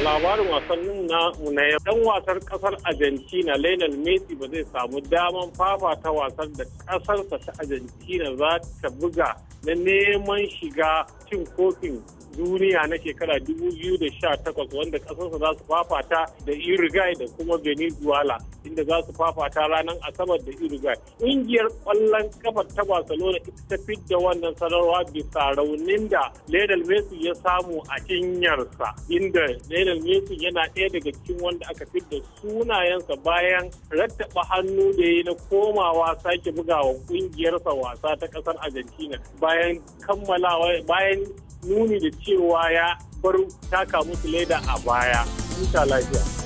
A labarin wasannin na na dan wasar kasar Argentina Lionel Messi ba zai samu daman fafa ta wasan da kasarsa ta Argentina za ta buga na neman shiga cin kofin duniya na shekara 2018 wanda kasarsa za su fafata da Uruguay da kuma Venezuela inda za su fafata ranar Asabar da Uruguay. Ƙungiyar ƙwallon kafa ta Barcelona ita ta fidda wannan sanarwa bisa raunin da Lionel Messi ya samu a cinyarsa inda Lionel Messi yana ɗaya daga cikin wanda aka fidda sunayensa bayan rattaba hannu da ya na komawa sake bugawa ƙungiyarsa wasa ta ƙasar Argentina bayan kammalawa bayan nuni da cewa ya bar ta kamu leda a baya. Insha lafiya.